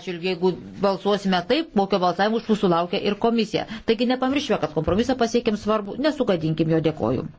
Atžvilgiu, jeigu balsuosime taip, kokio balsavimo už mūsų laukia ir komisija. Taigi nepamirškime, kad kompromisą pasiekėm svarbu, nesugadinkime jo, dėkoju.